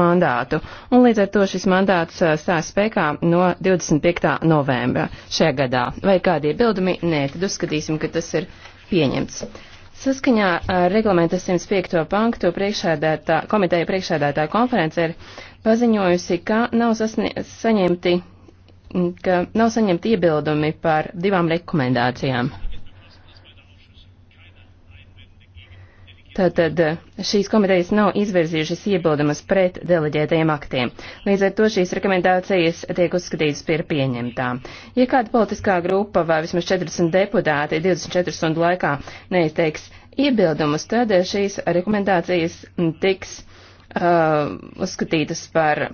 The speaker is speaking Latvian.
mandātu, un līdz ar to šis mandāts stās spēkā no 25. novembra šajā gadā. Vai kādi iebildumi? Nē, tad uzskatīsim, ka tas ir pieņemts. Saskaņā ar reglamenta 105. panktu priekšēdētā, komiteja priekšēdētā konference ir paziņojusi, ka nav sasnie, saņemti, ka nav saņemti iebildumi par divām rekomendācijām. Tātad eh, šīs komitejas nav izvirzījušas iebildumus pret deleģētajiem aktiem. Līdz ar to šīs rekomendācijas tiek uzskatītas par pieņemtām. Ja kāda politiskā grupa vai vismaz 40 deputāti 24 stundu laikā neizteiks iebildumus, tad eh, šīs rekomendācijas tiks uh, uzskatītas par